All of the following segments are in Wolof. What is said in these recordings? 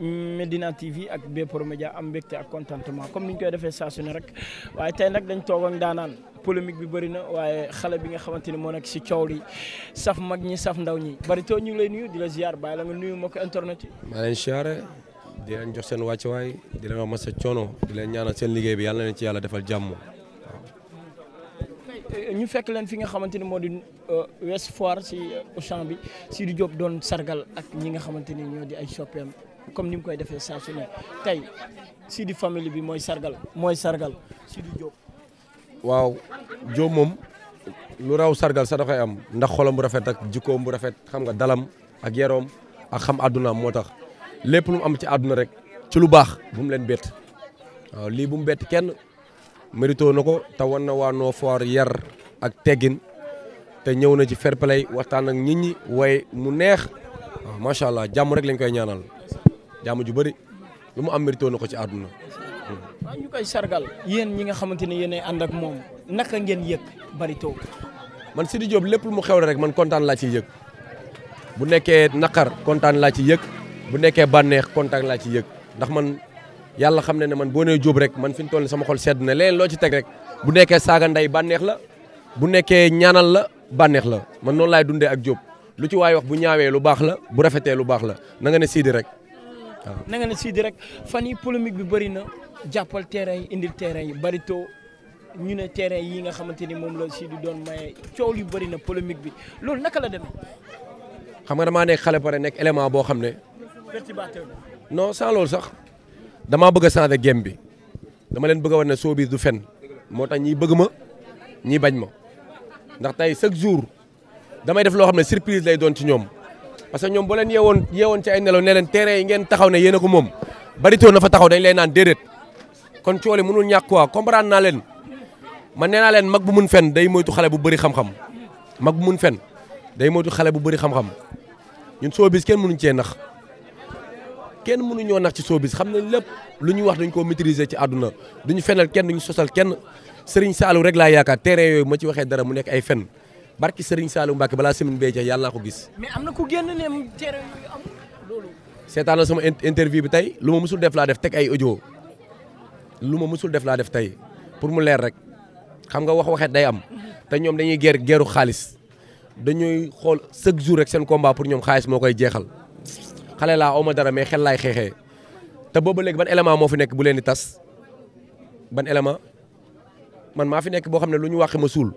Medina TV ak Bprod Media am mbégte ak contentement comme ni ñu koy defee saa su rek waaye tey nag dañ toog ak daanaan polémique bi bëri na waaye xale bi nga xamante ni moo nekk si coow li saf mag ñi saf ndaw ñi bari too ñu ngi lay nuyu di la ziar bàyyi la nga nuyu moo ko internet yi. maa leen siyaare di leen jox seen wàccuwaay di leen wax masa coono di leen ñaanal seen liggéey bi yàlla na leen ci yàlla defal jàmm. ñu fekk leen fi nga xamante ni moo di euh, Ouest Foire si euh, Auchan bi Sidy Diop doon sargal ak ñi nga xamante ni ñoo di ay soppeem comme ni mu koy defee saa su ne tey Sidy famille bi mooy sargal mooy sargal Sidy Diop. waaw Diop moom lu raw sargal sa dafay am ndax xolam bu rafet ak jikkoom bu rafet xam nga dalam ak yaroom ak xam àddunaam moo tax lépp lu mu am ci àdduna rek ci lu baax bu mu leen bett waaw lii bu mu bett kenn. mérito na ko te wan na waa Nord yar ak teggin te ñëw na ci fair waxtaan ak nit ñi waaye mu neex waaw ah, macha allah jàmm rek lañ koy ñaanal jàmm ju bëri lu mu am mérito na ko ci àdduna. waaw ñu sargal yéen ñi nga xamante ne yéen ànd ak moom naka ngeen yëg Barito. man Sidi Diop lépp mu xew rek man kontaan laa ciy yëg bu nekkee naqar kontaan laa ci yëg bu nekkee bànneex kontaan laa ci yëg ndax man. yàlla xam ne ne man boo nee jóob rek man fi ñu toll sama xol sedd na leneen loo ci teg rek bu nekkee saaga ndey bànneex la bu nekkee ñaanal la bànneex la man noonu laay dundee ak jóob lu ci waay wax bu ñaawee lu baax la bu rafetee lu baax la na nga ne siidi rek waaw. na nga ne siidi rek fan yi polémique bi bëri na jàppal terrain yi indil terrain yi bari too ñu ne terrain yi nga xamante ni moom la siidi doon maye coow yu bëri na polémique bi loolu naka la demee. xam nga damaa nekk xale pare nekk élément boo xam ne. perturbateur non sans sax. damaa bëgg a changer bi dama leen bëgg a na ne showbiz du fen moo tax ñii bëgg ma ñii bañ ma ndax tey chaque jour damay def loo xam ne surprise lay doon ci ñoom parce que ñoom boo leen yeewoon yeewoon ci ay nelaw ne leen terrain yi ngeen ne yéen ko moom baritoon na taxaw dañ lay naan déedéet kon coole mënul ñàkk quoi comprendre naa leen man nee naa leen mag bu mun fen day moytu xale bu bëri xam-xam mag bu mun fen day moytu xale bu bëri xam-xam ñun showbiz kenn mënuñ cee nax kenn mënu ñoo nax ci showbiz xam nañ lépp lu ñu wax dañ ko maîtriser ci àdduna duñu fenal kenn duñu sosal kenn Serigne Saliou rek laa yaakaar terrain yooyu ma ci waxee dara mu nekk ay fen barki Serigne Saliou Mbacke balaa semaine bee ca yàlla naa ko gis. mais am na ku génn ne terrain yooyu amul loolu. seetaanal sama interview bi tey lu ma musul def laa def teg ay audio lu ma musul def laa def tey pour mu leer rek xam nga wax waxet day am te ñoom dañuy ger geeru xaalis dañuy xool chaque jour rek seen combat pour ñoom xaalis moo koy jeexal. xale laa aw ma dara mais xel laay xeexee te booba léegi ban élément moo fi nekk bu leen di tas ban élément man maa fi nekk boo xam ne lu ñu waxee ma suul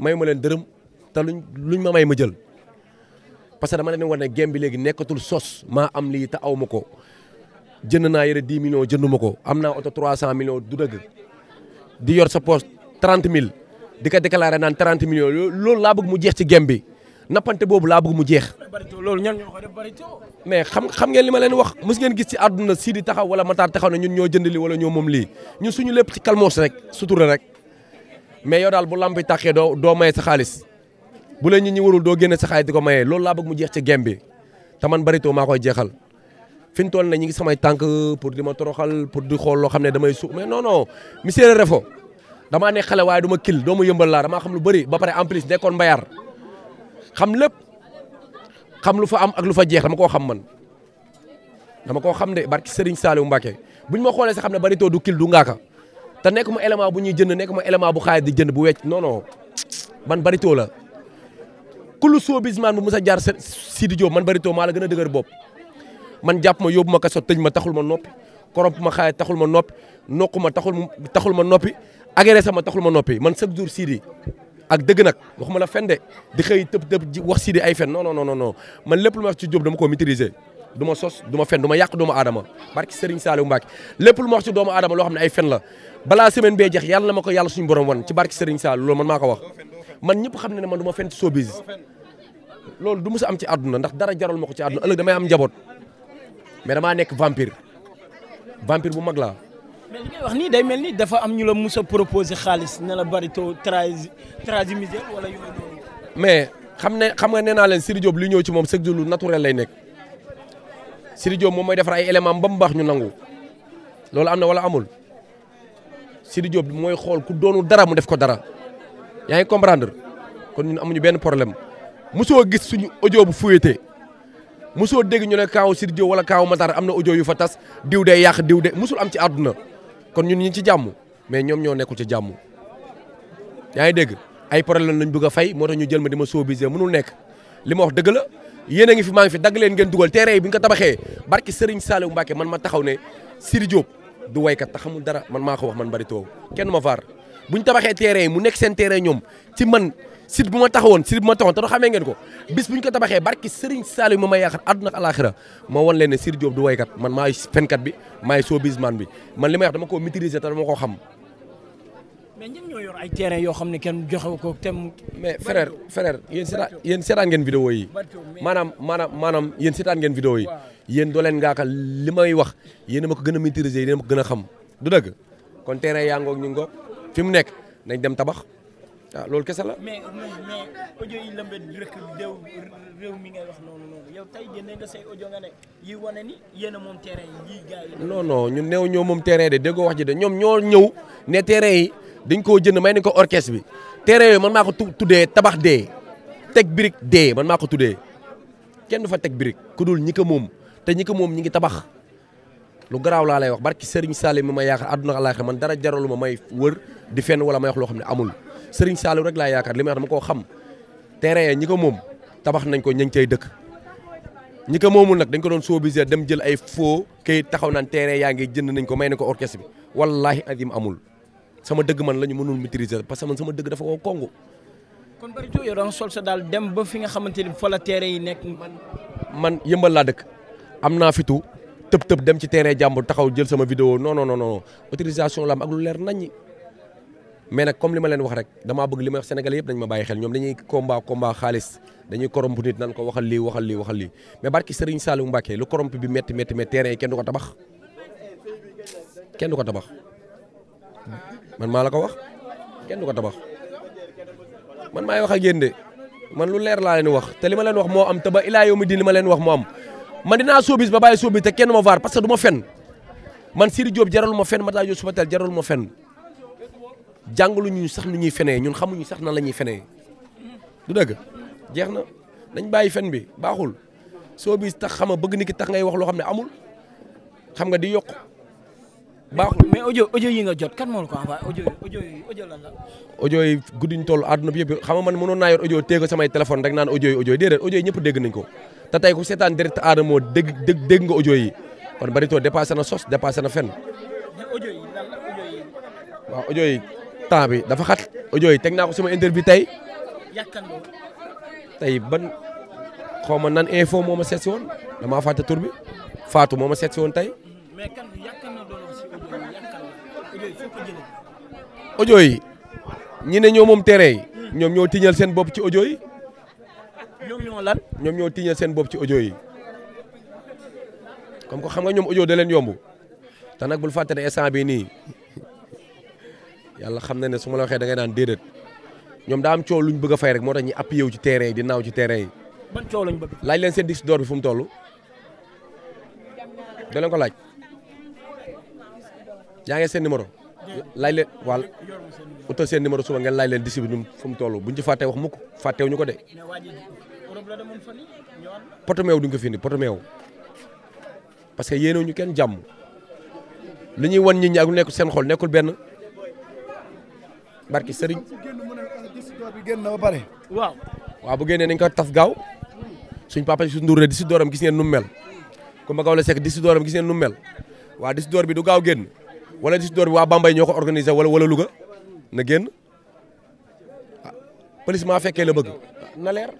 may ma leen dërëm te luñ luñ ma may ma jël parce que dama leen war ne game bi léegi nekkatul sos maa am lii te aw ma ko jënd naa yére 10 millions jëndu ma ko am naa oto 300 millions du dëgg di yor sa poche 30 mille di ko déclaré naan 30 millions loolu laa bëgg mu jeex ci game bi. nappante boobu laa bëgg mu jeex. loolu ñan ñoo ko mais xam xam ngeen li ma leen wax mos ngeen gis si àdduna Sidi taxaw wala Matar taxaw ne ñun ñoo jënd li wala ñoo moom lii ñun suñu lépp ci kalmoos rek sutura rek mais yow daal bu lamb bi tàkkee doo doo maye sa xaalis bu la nit ñi warul doo génne sa xaalis di ko maye loolu laa bëgg mu jeex ci gem bi te man Barito maa koy jeexal fi ñu toll ne ñi ngi samay tànk pour di ma toroxal pour di xool loo xam ne damay su mais non non monsieur Refo damaa ne xale waaye du ma kil doo ma yëmbal laa damaa xam lu bëri ba pare en plus nekkoon mbayar xam lépp xam lu fa am ak lu fa jeex dama koo xam man dama koo xam de barki Serigne Saliou bu ñu ma xoolee sa xam ne bari too du kil du ngaaka te nekk mu élément bu ñuy jënd nekk mu élément bu xaay di jënd bu wecc non man bari too la kullu soobismaan bu mës a jaar Sidi Diop man bari too maa la gën a dëgër bopp man jàpp ma yóbbu ma kaso tëj ma taxul ma noppi koromp ma xaay taxul ma noppi noqu ma taxul ma taxul ma noppi agressé sama taxul ma noppi man chaque jour Sidi ak dëgg nag waxuma la fen de di xëy tëb tëb wax si ay fen non non no non man lépp lu ma wax ci Diop dama ko maîtriser du ma sos du ma fen du ma yàq doomu aadama barki Serigne Saliou Mbacke lépp lu ma wax ci doomu aadama loo xam ne ay fen la balaa semaine bee jeex yàlla na ma ko yàlla suñu borom wan ci barki Serigne Saliou loolu man maa ko wax man ñëpp xam ne ne man du ma fen ci showbiz loolu du musa am ci àdduna ndax dara jaral ma ko ci àdduna ëllëg damay am njaboot mais damaa nekk vampire vampire bu mag laa mais li ngay mel ni dafa am ñu la mus proposé xaalis ne la Barito trahis trahimiser wala yu mais xam ne xam nga nee naa leen Sidy li ñëw ci moom sëg lu naturel lay nekk Sidy Diop moom mooy defar ay éléments ba mu baax ñu nangu loolu am na wala amul Sidy Diop mooy xool ku doonu dara mu def ko dara yaa comprendre kon ñun amuñu benn problème mosoo gis suñu audio bu fuyete mosoo dégg ñu ne kaaw Sidy Diop wala kaaw Matar am na audio yu fa tas diw de yàq diw de mosul am ci àdduna. kon ñun ñi ci jàmm mais ñoom ñoo nekkul ci jàmm yaa ngi dégg ay problème lañ bëgg a fay moo tax ñu jël ma di ma sóobiser mënul nekk li ma wax dëgg la yéen a ngi fi maa fi dagg leen ngeen dugal terrain yi bi nga ko tabaxee barki Serigne Saliou Mbacke man ma taxaw ne Siri Diop du waykat te xamul dara man maa ko wax man bari toow kenn ma vaar bu ñu tabaxee terrain yi mu nekk seen terrain ñoom ci man site bu ma taxawoon site bu ma taxawoon te du xamee ngeen ko bis bu ñu ko tabaxee barki Serigne Saliou ma may yaakaar àdduna ak alaxira ma wan leen ne Sidy Diop du waykat man maay fenkat bi maay showbizman bi man li may wax dama koo maîtriser te dama koo xam. yor ay terrain yoo xam ne kenn joxe ko te mais frère frère yéen seetaan yéen seetaan ngeen vidéo yi maanaam maanaam maanaam yéen seetaan ngeen vidéo yi yéen doo leen ngaaka li may wax yéen ma ko gën a maîtriser yéen ma gën a xam du dëgg kon terrain yaa ngoog ñu ngoog fi mu nekk nañ dem tabax waaw loolu kese la. mais mais mais mi ngay wax noonu yow tey jëndee nga say audio nga ne yi wane ni yéen moom terrain yi gars yi. non non ñun néew ñoo moom de déggoo wax ji de ñoom ñoo ñëw ne terrain yi dañ koo jënd may nañ ko orchestre bi terrain yooyu man maa ko tuddee tabax dee teg brique dee man maa ko tuddee kenn du fa teg brique ku dul ñi moom te ñi moom ñi ngi tabax. lu garaaw laa lay wax barki Serigne Saliou mi ma yaakaar àdduna àllaaxira man dara jaralu ma may wër di fenn wala may wax loo xam ne amul Serigne Saliou rek laa yaakaar li may wax dama koo xam terrain ya ñi ko moom tabax nañ ko ña cay dëkk ñi ko moomul nag dañ ko doon soobisé dem jël ay faux kayit taxaw naan terrain yaa ngi jënd nañ ko may ne ko orchestre bi wallaahi azim amul sama dëgg man la ñu mënul maîtriser parce que man sama dëgg dafa koo kongu kon Barito yow da nga sa daal dem ba fi nga xamante ni fa la terrain yi nekk. man yëmbal laa dëkk am naa fitu tëb tëb dem ci terrain jàmbur taxaw jël sama vidéo non non non non autorisation la am ak lu leer naññi mais nag comme li ma leen wax rek damaa bëgg li ma wax sénégalais yëpp dañ ma bàyyi xel ñoom dañuy ko combat xaalis dañuy corrompe nit nan ko waxal lii waxal lii waxal lii mais barki Serigne Saliou Mbacké lu corrompe bi métti métti mais terrain yi kenn du ko tabax kenn du ko tabax man maa la ko wax kenn du ko tabax man maay wax ak yéen de man lu leer laa leen wax te li ma leen wax moo am te ba ilaa yow di li ma leen wax moo am man naa soobis ba bàyyi soobis te kenn ma vaar parce que du ma fenn man Siri Diop jaralu ma fenn Matar Diop Soubatel jaralu ma fenn jàngaluñu sax nu ñuy fenee ñun xamuñu sax nan la ñuy fenee du dëgg jeex na dañ bàyyi fen bi baaxul soobis tax xama bëgg ni ki tax ngay wax loo xam ne amul xam nga di yokk baaxul mais audio audio yi nga jot kan moo ko envoyé audio audio yi audio lan la. audio yi ñu toll àdduna bi yëpp xam nga man mënoon naa yor audio téye ko samay téléphone rek naan audio yi audio yi ñëpp dégg nañ ko. te tey ku seetaan direct Adamo moo dégg dégg dégg nga audio yi kon Barito dépassé na sos dépassé na fen audio yi waaw audio temps bi dafa xat audio yi teg naa ko sama interview tey. yàkkan tey ban xaw ma nan info moo ma seet woon damaa fàtte tur bi Fatou moo ma seet woon tey. mais kan bi yàkkan yi yàkkan ne ñoo moom terrain yi ñoom ñoo tiñal seen bopp ci audio yi. ñoom ñoo lan ñoom ñoo tiñal seen bopp ci audio yi ko xam nga ñoom audio da leen yomb te nag bul fàtte ne instant bii nii yàlla xam na ne su ma la waxee da ngay naan déedéet ñoom daa am coow luñ bëgg fay rek moo tax ñu appuyé wu ci terrain yi di naaw ci terrain yi. lañ bëgg. laaj leen seen disque d'or bi fu mu toll. da ko laaj. yaa ngi seen numéro. laaj leen wàll utal seen numéro suba ngeen laaj leen disque bi fu mu toll buñ ci fàtte wax mukk fàttewuñu ko de. poto meew duñ ko fi indi poto meew parce que yéenewuñu kenn jàmm li ñuy wan nit ñi ak lu nekkul seen xol nekkul benn barki sëriñ. Eh, waaw. waaw bu génnee nañ ko taf gaaw suñ papa su nduur ne di si dooram gis ngeen nu mel ku ma kaw la sekk si dooram gis ngeen nu mel waa di si bi du gaaw génn wala di si bi waa Bambey ñoo ko organisé wala wala Louga na génn ah maa fekkee la bëgg na leer.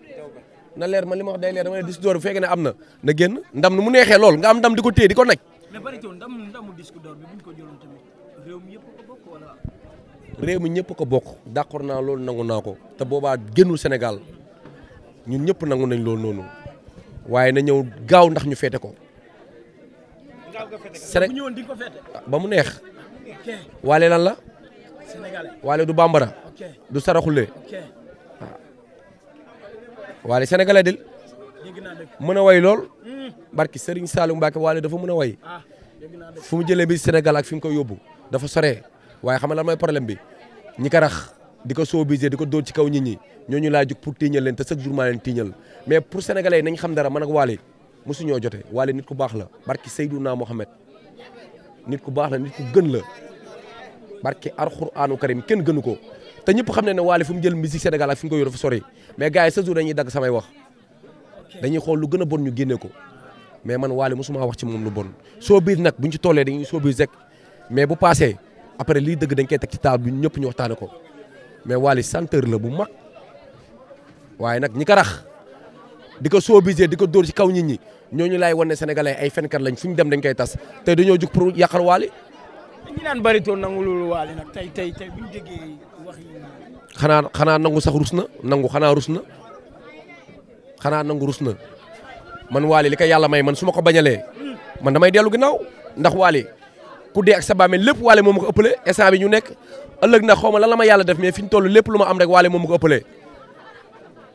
na leer man li ma wax day leer dama ne disque d'or bu fekkee ne am na na génn ndam nu mu neexee lool nga am ndam di ko téye di ko naj. mais bari coow ndam ndamu disque d'or bi ko jëloon tamit réew mi ñëpp ko bokk d'accord naa loolu nangu naa ko te boobaa génnul senegal ñu ñëpp nangu nañ loolu noonu waaye na ñëw gaaw ndax ñu feete ko. Sénégal bu ñëwoon ah, ba mu neex. waale lan la. Sénégalais waale du bambara. du saraxule. waale sénégalais dil mën a way lool barki Serigne Saliou Mbacke waale dafa mën a way fu mu jëlee bi Sénégal ak fi mu koy yóbbu dafa sore waaye xam nga lan mooy problème bi ñi ko rax di ko soobiser di ko dóor ci kaw nit ñi ñooñu laa jug pour tiiñal leen te chaque jour maa leen tiiñal mais pour sénégalais nañ xam dara man ak waale mosuñoo jote waale nit ku baax la barki Seydouna Mohamed nit ku baax la nit ku gën la barki Alxuraanu Karim kenn gënu ko te ñëpp xam ne ne waale fu mu jël musique Sénégal ak fi mu koy yóbbu dafa sore mais gars yi sa jour dañuy dagg samay wax dañuy xool lu gën a bon ñu génne ko mais man Wally mosuma wax ci moom lu bon soo biir nag buñ ci tollee dañuy soo biir rek mais bu passé après lii dëgg dañ koy teg ci table bi ñu waxtaane ko mais Wally chanteur la bu mag waaye nag ñi ko rax di ko soobisee di ko dóor ci kaw nit ñi ñooñu laay wan ne sénégalais ay fenkat lañ fu ñu dem dañ koy tas te dañoo jug pour yàqal Wally. ñi naan bari toon nangu loolu Wally nag tey tey tey bu ñu déggee xanaa xanaa nangu sax rus na nangu xanaa rus na xanaa nangu rus na man waali li ko yàlla may man su ma ko bañalee man damay dellu ginnaaw ndax waali ku dee ak sa bàmmeel lépp waale moo ma ko ëppale instant ñu nekk ëllëg na xaw ma lan la ma yàlla def mais fi ñu toll lépp lu ma am rek waale moo ma ko ëppalee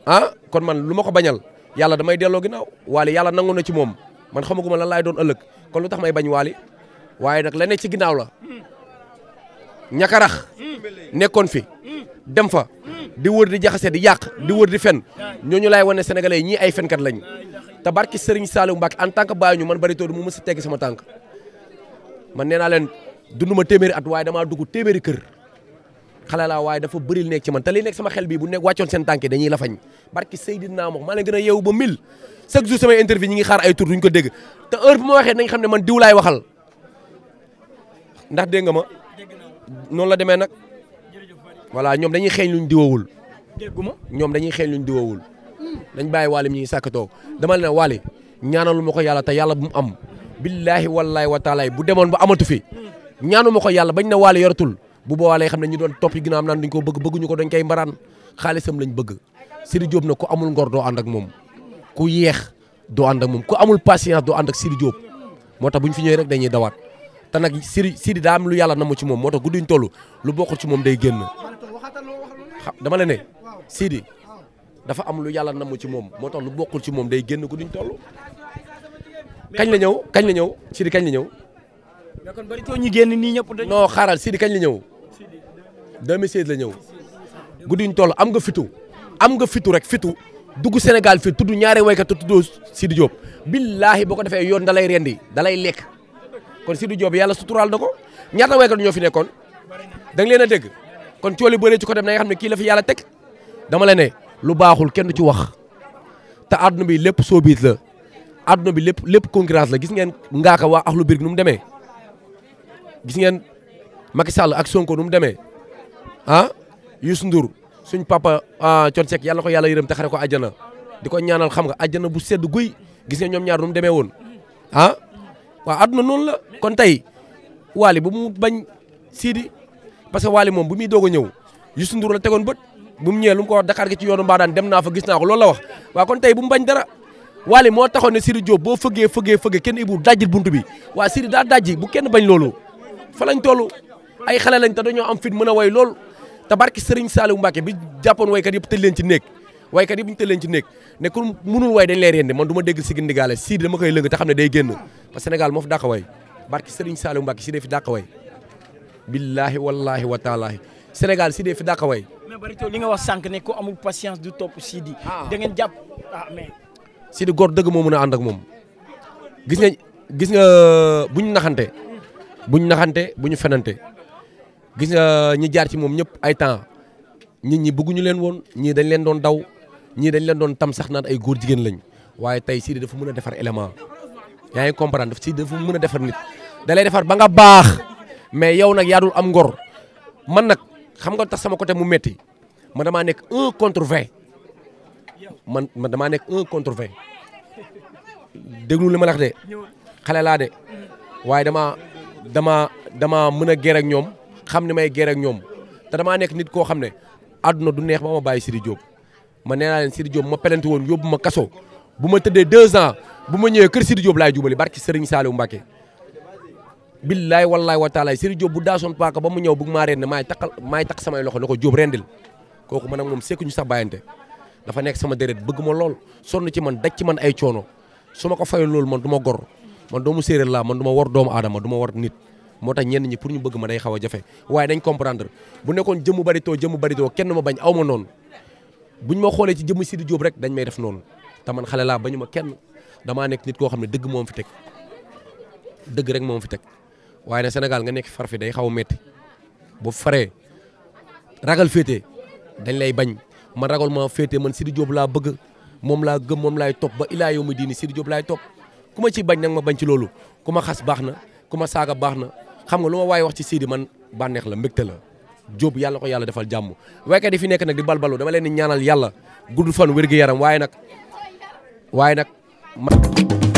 ah kon man lu ma ko bañal yàlla damay delloo ginnaaw waali yàlla nangu na ci moom man xamaguma lan laay doon ëllëg kon lu tax may bañ waali waaye nag la ne ci ginnaaw la dem fa di wër di jaxase di yàq di wër di fen ñooñu laay wane sénégalais ñii ay fenkat lañu te barki Serigne Saliou Mbacke en tant que bàyyi ñu man Barito du mu mës a teggi sama tànk man nee naa leen dund ma téeméeri at waaye damaa dugg téeméeri kër xale laa waaye dafa bëri nekk ci man te li nekk xel bii bu nekk wàccoon seen tànk dañuy la fañ barki Seydina Mox maa leen ba mille chaque jour samay interview ngi xaar ay tur duñ ko dégg te heure bu ma waxee nañ xam ne man diw laay waxal ndax dégg nga ma noonu la demee nag. voilà ñoom dañuy xeeñ luñ diwawul. dégguma ñoom dañuy xeeñ luñ diwawul. dañ bàyyi waale mi ñu ngi sàkkatoo dama ne waale ñaanalu ma ko yàlla te yàlla bu mu am. billahi wallahi wa taalaay bu demoon ba amatu fi. ñaanu ma ko yàlla bañ na waale yoratul bu boobaa xam ne ñu doon topp am naan duñ ko bëgg bëgguñu ko dañ koy mbaraan xaalisam lañ bëgg. Sidi Diop nag ku amul ngor doo ànd ak moom ku yeex doo ànd ak moom ku amul patience doo ànd ak Sidi Diop moo tax bu ñu fi ñëwee rek dañuy dawaat te nag Sidi Sidi daa am lu yàlla namu ci moom moo tax gudduñ toll lu bokkul ci moom day génn. xa dama la ne Sidi dafa am lu yàlla namm ci moom moo tax lu bokkul ci moom day génn ko duñ toll. kañ la ñëw kañ la ñëw Sidi kañ la ñëw. mais kon bari too ñu génn nii ñëpp dañ. xaaral Sidi kañ la ñëw. 2016 la ñëw. guddiñ toll am nga fitu. am nga fitu rek fitu dugg Sénégal fii tudd ñaare waykat te tuddoo Sidi Diop. billaahi boo ko defee yoon da lay rendi da lekk kon Sidi Diop yàlla suturaal na ko ñaata waykat ñoo fi nekkoon da leen a dégg. kon cooli bëree ci ko dem na nga xam ne kii la fi yàlla teg dama la ne lu baaxul kenn du ci wax te àdduna bi lépp sóobiit la àdduna bi lépp lépp concurrence la gis ngeen ngaaka waa axlu birig nu mu demee gis ngeen Macky Sall ak Sonko nu mu demee ah Youssou Ndour suñ papa ah, Thione Seck yàlla ko yàlla yërëm te xare ko àjjana di ko ñaanal xam nga àjjana bu sedd guy gis ngeen ñoom ñaar nu mu demee woon ah waaw àdduna noonu la kon tey Wally bu mu bañ Sidi parce que Wally moom bu muy doog a ñëw Youssou Ndour la tegoon bët bu mu ñëwee lu mu ko wax Dakar gi ci yoonu dem naa fa gis naa ko loolu la wax waaw kon tey bu mu bañ dara Wally moo taxoon ne Siri Diop boo fëggee fëggee fëggee kenn ibu dajjil buntu bi waa Siri daa dajji bu kenn bañ loolu fa lañ toll ay xale lañ te dañoo am fit mën a way loolu te sëriñ Serigne Saliou Mbacké bi jàppoon waykat yëpp tëj leen ci néeg waykat yëpp ñu tëj leen ci néeg ne ku mënul way dañ lay rendi man du ma dégg Sigi Ndigaale Siri dama koy lëng te xam ne day génn parce que Sénégal moo fi dàq fi dàq billaahi wallaahi wa taalaahi Sénégal de fi dàqa way mais Barito li nga wax sànq ne ku amul patience du topp Sidi. Ah. da ngeen jàpp ah mais. Sidi góor dëgg moo mën a ànd ak moom gis nga gis nga buñ naxante buñ naxante buñu fenante gis nga ñi jaar ci moom ñëpp ay temps nit ñi bëgguñu leen woon ñii dañ leen doon daw ñii dañ leen doon tam sax naan ay góor jigéen lañ waaye tey Sidi dafa mën a defar élément yaa ngi comprendre Sidi dafa mën a defar nit da defar ba nga baax. mais yow nag yaa am ngor man nag xam nga tax sama côté mu metti man damaa nekk un contre vingt man man damaa nekk contre vingt déglu li ma lax de xale laa de waaye damaa damaa damaa mën a gér ñoom xam ne may gér ak ñoom te damaa nekk nit koo xam ne àdduna du neex ba ma bàyyi Sidi Diop ma nee naa leen Sidi Diop ma pelante woon yóbbu ma kaso bu ma tëddee deux ans bu ma ñëwee kër Sidi Diop laay jubali barki Serigne Saliou Mbacké billaay wallaay wa taalaay Serigne Diop bu daasoon paaka ba mu ñëw bëgg maa reen ne maay takkal maay takk samay loxo na ko Diop rendil kooku man ak moom sekk ñu sax bàyyante dafa nekk sama déret bëgg ma lool sonn ci man daj ci man ay coono su ma ko fayal loolu man du ma gor doomu séeréer laa man du ma war doomu aadama du ma war nit moo tax ñenn ñi pour ñu bëgg ma day xaw jafe waaye dañ comprendre bu nekkoon jëmu bari too jëmu bari too kenn ma bañ aw ma noonu buñ ma xoolee ci jëmu Sidi Diop rek dañ may def noonu te man xale laa bañu ma kenn damaa nekk nit koo xam ne dëgg moom fi teg dëgg rek moom fi teg waaye nag Sénégal nga nekk far fi day xaw a métti bu faree ragal féete dañ lay bañ man ragal ma féete man Sidi Diop laa bëgg moom laa gëm moom laay topp ba illaa yow mi diini Sidi jóob laay topp kuma ma ci bañ nag ma bañ ci loolu ku ma xas baax na ku ma saaga baax na xam nga lu ma waaye wax ci Sidi man bànneex la mbégte la Diop yàlla ko yàlla defal jàmm waykat yi fi nekk nag di balbalu dama leen di ñaanal yàlla gudd fan wér-gu-yaram waaye nag waaye nag